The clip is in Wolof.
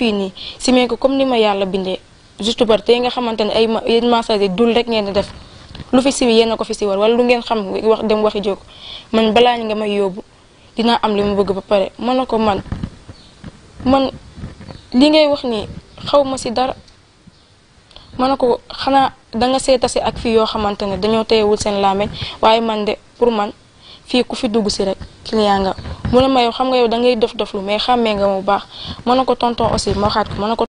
fii nii simee ko comme ni ma yàlla bindee juste par tey nga xamante ne ay ma yéen massage dul rek ngeen di def lu fi siwi yéen ko fi si war wala lu ngeen xam wax dem waxi jóg man balaa ñu nga may yóbbu dina am li mu bëgg ba pare man na ko man man li ngay wax nii xaw ma si dara mën na ko xanaa danga si ak fii yoo xamante ne dañoo teyewul seen làmmiñ waaye man de pour man fii ku fi dugg si rek client mu ne ma xam nga yow da ngay dof doflu mais xàmmee nga mu baax mën na ko tonton aussi ma waxaat ko mën na ko